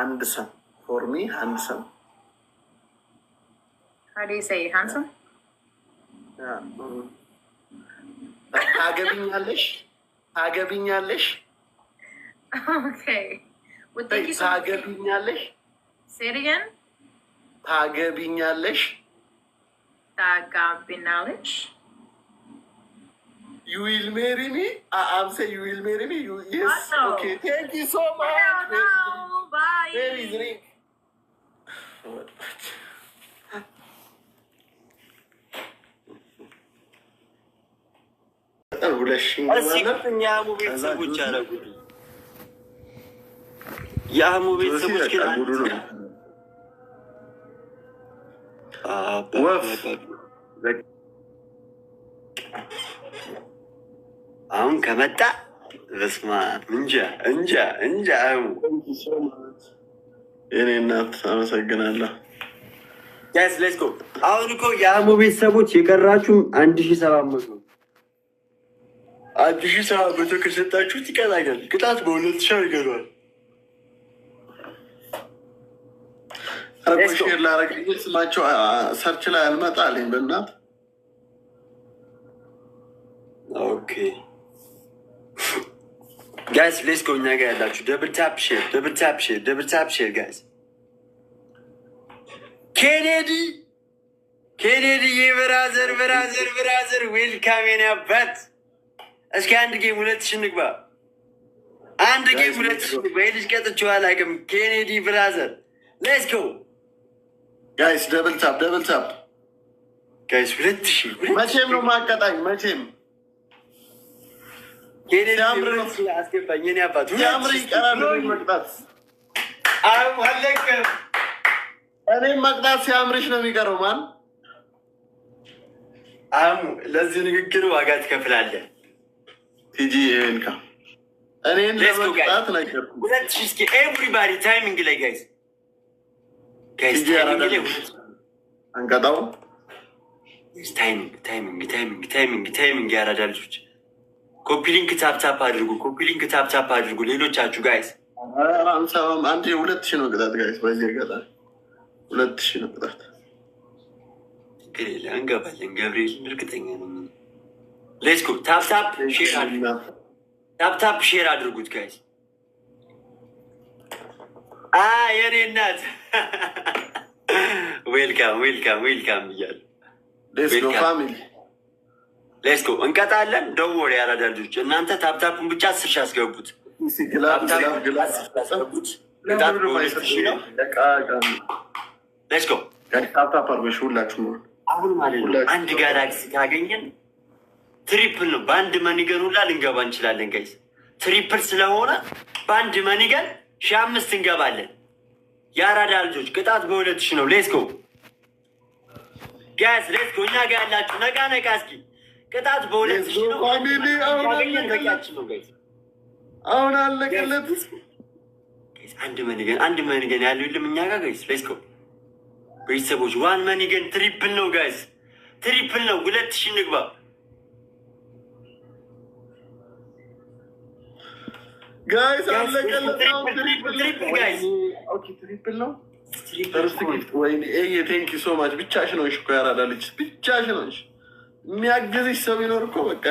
አንድ ሰም ፎር ሚ አንድ ሰም ታገብኛለሽ ታገብኛለሽ ታገብኛለሽ ሴሪገን ታገብኛለሽ ታጋቢናለሽ ዩዊል ሜሪ ሚ ዩዊል ሜሪ ሚ ቴንኪ ሶ ባይ የአህሙ ቤተሰቦች አሁን ከመጣ በስማ እንጃ እንጃ እንጃ። የኔ እናት አመሰግናለሁ። አሁን እኮ የአሞ ቤተሰቦች የቀራችሁ አንድ ሺ ሰባት መቶ አንድ ሺ ሰባት መቶ ከሰጣችሁት ይቀጣኛል። ቅጣት በሁለት ሺ ይገሏል። ሼር ላረግ ስማቸው ሰርች ላይ አልመጣልኝ በእናት ኦኬ ጋይስ ፕሌስ ከሆኛ ጋር ያላችሁ ደብል ታፕ ሼር፣ ደብል ታፕ ሼር፣ ደብል ታፕ ሼር ጋይስ። ኬኔዲ ኬኔዲ የብራዘር ብራዘር ብራዘር ዌልካሜን ያባት። እስኪ አንድ ጌም ሁለት ሺህ እንግባ። አንድ ጌም ሁለት ሺህ እንግባ። ይህ ልጅ ቀጥቼው አላውቅም። ኬኔዲ ብራዘር ሌትስ ጎ ጋይስ። ደብል ታፕ ደብል ታፕ ጋይስ። ሁለት ሺህ መቼም ነው ማቀጣኝ መቼም እኔም መቅጣት ሲያምርሽ ነው የሚቀረው። ማን አሙ ለዚህ ንግግር ዋጋ ትከፍላለህ። ቲጂ እኔን ለመቅጣት ሁለት ሺህ እስኪ ኤቭሪባዲ ታይሚንግ ላይ ጋይዝ አንቀጣው ታይሚንግ ታይሚንግ ታይሚንግ ታይሚንግ ያራዳ ልጆች ኮፒሊንክ ታፕታፕ አድርጉ፣ ኮፒሊንክ ታፕታፕ አድርጉ። ሌሎቻችሁ ጋይስ አንድ ሁለት ሺህ ነው ቅጣት ጋይስ፣ በዚህ ቅጣት ሁለት ሺህ ነው ቅጣት። እንገባለን ገብርኤል፣ እርግጠኛ ነው። ሌስኮ ታፕታፕ ሼር አድርጉት፣ ታፕታፕ ሼር አድርጉት ጋይስ። የኔ እናት ዌልካም ዌልካም ዌልካም እያሉ ሌስኮ ፋሚሊ ሌስኮ እንቀጣለን። ደወር ያራዳ ልጆች እናንተ ታፕታፑን ብቻ አስር ሺህ አስገቡት። ሌስኮ ታፕታፕ ሁላችሁ አሁን ማለት ነው። አንድ ጋላክሲ ካገኘን ትሪፕል ነው። በአንድ መኒገን ሁላ ልንገባ እንችላለን። ጋይስ ትሪፕል ስለሆነ በአንድ መኒገን ሺ አምስት እንገባለን። የአራዳ ልጆች ቅጣት በሁለት ሺ ነው። ሌስኮ ጋስ ሌስኮ እኛ ጋ ያላችሁ ነቃ ነቃ እስኪ ቅጣት በሁለት ሺህ ነው። አሁን አለቀለት። አንድ መኒገን አንድ መኒገን ያለው የለም እኛ ጋር ጋይስ። ሌስኮ ቤተሰቦች ዋን መኒገን ትሪፕል ነው ጋይስ፣ ትሪፕል ነው። ሁለት ሺህ ንግባ። ጋይስ አለቀለት። ትሪፕል ጋይስ። ኦኬ ትሪፕል ወይኔ ኤዬ ቴንኪው ሶ ማች። ብቻሽን ሆንሽ እኮ ያራዳ ልጅ፣ ብቻሽን ሆንሽ የሚያግዝሽ ሰው ቢኖር እኮ በቃ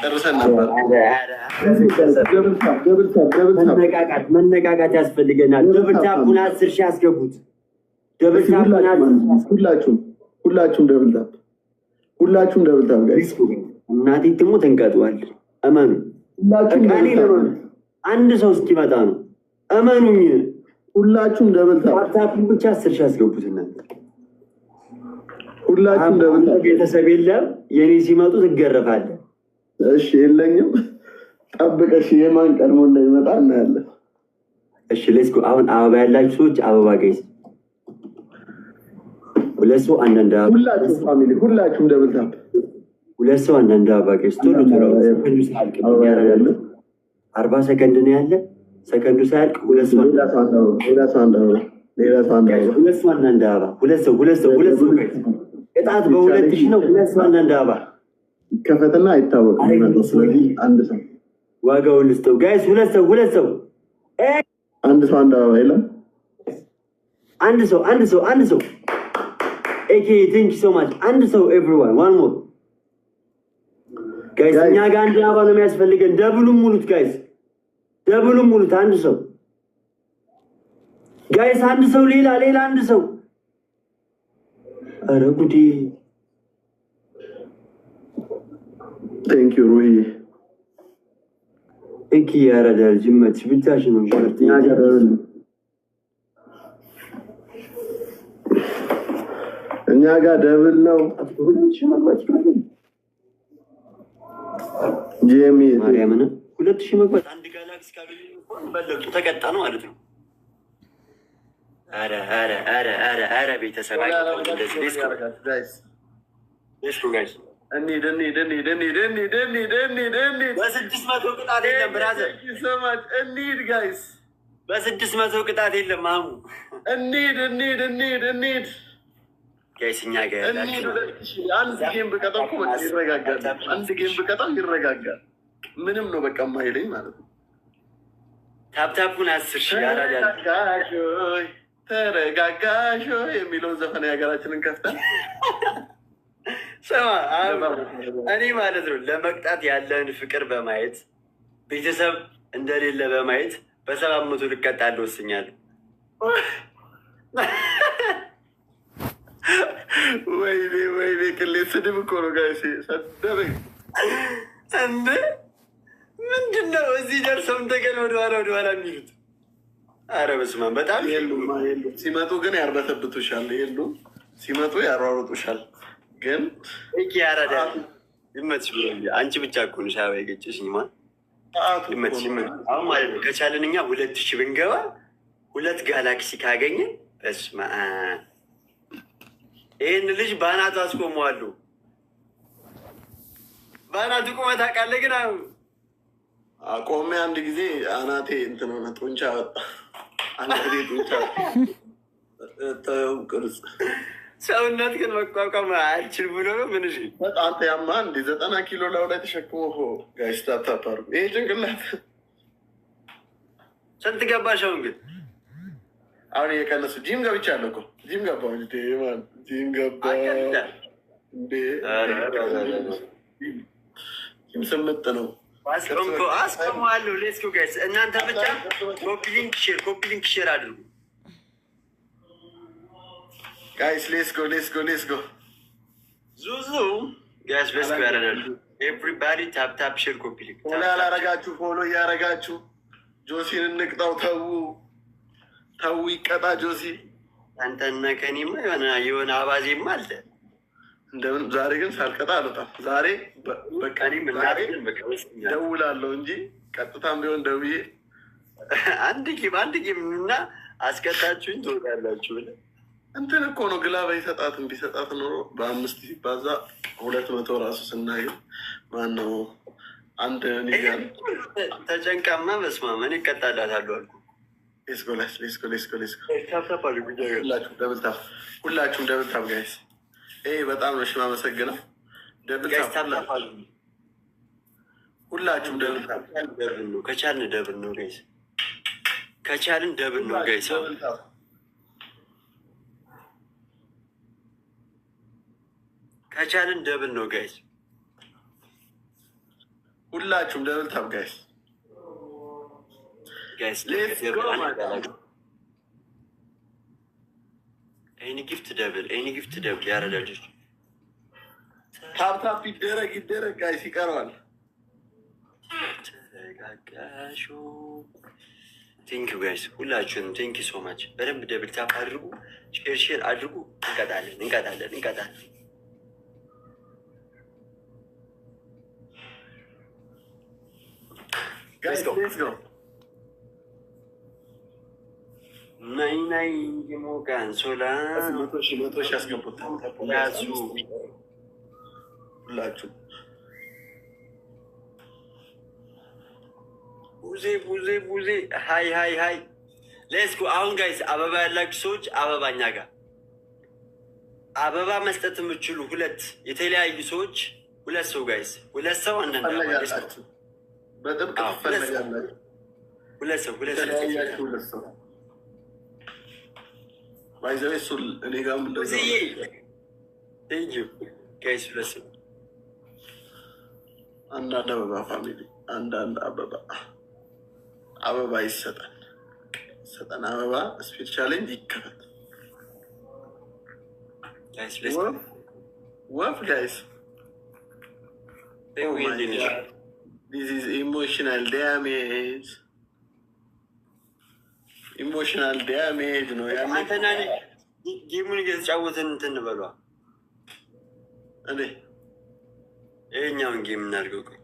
ጨርሰን ነበር። መነቃቃት ያስፈልገናል። ደብልታፑን አስር ሺህ ያስገቡት። ሁላችሁም ሁላችሁም ደብልታፕ ሁላችሁም ደብልታፕ እናቴ ትሞት እንቀጠዋል። እመኑ፣ አንድ ሰው እስኪመጣ ነው። እመኑኝ፣ ሁላችሁም ደብልታፕ ብቻ አስር ሺህ ያስገቡት እናንተ ሁላችን ቤተሰብ የለም። የኔ ሲመጡ ትገረፋለ። እሺ የለኝም። ጠብቀሽ የማን ቀድሞ እንዳይመጣ እናያለን። እሺ ሌስኩ አሁን አበባ ያላችሁ ሰዎች አበባ ገይዝ ሁለት ሰው አንዳንድ ሁላችሁ ፋሚሊ ሁላችሁም ደብል ታፕ ሁለት ሰው አንዳንድ አበባ ገይዝ ቶሎ ቶሎ ያረጋሉ። አርባ ሰከንድ ነው ያለ። ሰከንዱ ሳያልቅ ሁለት ሰው አንድ ሁለት ሰው አንድ አበባ ሁለት ሰው ሁለት ሰው ሁለት ሰው ቅጣት በሁለት ሺ ነው። ሁለት ሰው አባ ከፈተና አይታወቅም። ስለዚህ አንድ ሰው ዋጋውን ልስጠው። ጋይስ ሁለት ሰው ሁለት ሰው አንድ ሰው አንድ አባ የለም። አንድ ሰው አንድ ሰው አንድ ሰው ኤኬ ቴንክ ሶ ማች አንድ ሰው ኤቭሪዋን ዋን ሞር ጋይስ፣ እኛ ጋር አንድ አባ ነው የሚያስፈልገን። ደብሉም ሙሉት ጋይስ፣ ደብሉም ሙሉት። አንድ ሰው ጋይስ፣ አንድ ሰው ሌላ ሌላ አንድ ሰው ኧረ ጉዴ! ቴንኪው ሩሂ እኪ ያረዳ ጅመት ብቻሽ ነው ሸርት እኛ ጋር ደብል ነው ጄሚ ሁለት ሺህ መግባት አንድ ጋላክሲ ካገኙ በለጡ ተቀጣ ነው ማለት ነው። አረ አረ በስድስት መቶ ቅጣት የለም ብራዘር፣ እንሂድ ጋይስ፣ በስድስት መቶ ቅጣት የለም አሙ፣ እንሂድ እንሂድ እንሂድ እንሂድ ጋይስ፣ እኛ ጋር አንድ ጌም ብቀጣው ይረጋጋል። አንድ ጌም ብቀጣው ይረጋጋል። ምንም ነው በቃ የማይለኝ ማለት ነው። ታፕታፑን አስር ሺህ ተረጋጋሾ የሚለውን ዘፈን የሀገራችንን ከፍተን ስማ፣ እኔ ማለት ነው ለመቅጣት ያለን ፍቅር በማየት ቤተሰብ እንደሌለ በማየት በሰባት መቶ ልቀጣ ወስኛለሁ። ወይኔ ወይኔ፣ ቅሌት ስድብ እኮ ነው ጋር ሰደበ እንደ ምንድን ነው እዚህ ደርሰው እንደገና ወደኋላ ወደኋላ የሚሉት አረ በስመ አብ በጣም የሉም። ሲመጡ ግን ያርበተብቱሻል። የሉም ሲመጡ ያሯሩጡሻል። ግን ያረዳ ይመች አንቺ ብቻ እኮ ነሽ አበባ የገጨሽ ማ ይመች ማለት ነው። ከቻልን እኛ ሁለት ሺ ብንገባ ሁለት ጋላክሲ ካገኘን በስመ አብ ይህን ልጅ በአናቱ አስቆመዋሉ። በአናቱ ቁመት አውቃለህ። ግን አቆሜ አንድ ጊዜ አናቴ እንትን ሆነ ጡንቻ ወጣ። ሰውነት ግን መቋቋም አልችል ብሎ ነው። ምን አንተ ያማ እንዲ ዘጠና ኪሎ ላው ተሸክሞ ሆ ጋሽ ታታፓሩ ይህ ጭንቅላት ስንት ገባሽ? ግን አሁን እየቀነሱ ጂም ገብቻለሁ እኮ ጂም ገባሁ ጂም ገባሁ ጂም ስምጥ ነው እንኮ አስቆመዋለሁ። ሌትስ ጎ ጋይስ። እናንተ ብቻ ኮፒ ሊንክ ሼር፣ ኮፒ ሊንክ ሼር አድርጉ ጋይስ። ሌስ ጎ፣ ሌስ ጎ፣ ሌስ ጎ ዙዙ ጋይስ፣ ሌስ ጎ ያረዳሉ። ኤቭሪባዲ ታፕ ታፕ ሼር፣ ኮፒ ሊንክ። ፎሎ ያላረጋችሁ ፎሎ እያረጋችሁ ጆሲን እንቅጣው። ተዉ ተዉ፣ ይቀጣ ጆሲ። አንተና ከኔማ የሆነ የሆነ አባዜማ አለ እንደምን ዛሬ ግን ሳልቀጣ አልወጣም። ዛሬ ደውላለሁ እንጂ ቀጥታም ቢሆን ደውዬ አንድ ጊም አንድ ጊም እና አስቀጣችሁኝ ትወጣላችሁ እንትን እኮ ነው ግላ በይሰጣት ቢሰጣት ኖሮ በአምስት ሲባዛ ሁለት መቶ ራሱ ስናየው ማነው አንድ ኒጋል ተጨንቃማ መስማማ እኔ እቀጣላታለሁ አልኩ። ሌስኮ ሌስኮ ሌስኮ ሌስኮ ሁላችሁም ደብልታፍ ሁላችሁም ደብልታፍ ጋይስ ይሄ በጣም ነው። እሺ ማመሰግነው። ሁላችሁም ደብል ነው ከቻልን ደብል ነው ጋይስ፣ ከቻልን ደብል ነው ጋይስ። ከቻልን ደብል ነው ጋይስ። ሁላችሁም ደብል ታብ ጋይስ ጋይስ ኤኒ ጊፍት ደብል ኤኒ ጊፍት ደብል ያረዳጆች ታፕታፕ ይደረግ ይደረግ ጋይስ ይቀረዋል። ተረጋጋሹ ቴንኪ ጋይስ ሁላችሁንም ቴንኪ ሶ ማች። በደንብ ደብል ታፕ አድርጉ፣ ሼር ሼር አድርጉ። እንቀጣለን እንቀጣለን እንቀጣለን። ጋይስ ናይናይ እንጂሞ ጋንሶላ መቶ ሺህ ያስገቡት ያዙ ሁላችሁ ቡዜ ቡዜ ቡዜ ሀይ ሀይ ሀይ ሌስ አሁን ጋይስ አበባ ያላችሁ ሰዎች አበባ እኛ ጋር አበባ መስጠት የምችሉ ሁለት የተለያዩ ሰዎች ሁለት ሰው ጋይስ ሁለት ሰው አንዳንድ ሁለት ሰው ሁለት ሰው ባይዘው እሱ እኔ ጋርም አንዳንድ አበባ ፋሚሊ አንዳንድ አበባ አበባ ይሰጠን ሰጠን አበባ ስፒድ ቻሌንጅ ይከፈት። ወፍ ጋይስ ኢሞሽናል ዳሜጅ ኢሞሽናል ዳሜጅ ነው ያንተና ጌሙን እየተጫወትን እንትን በሏ። እኔ ይሄኛውን ጌም እናድርገው።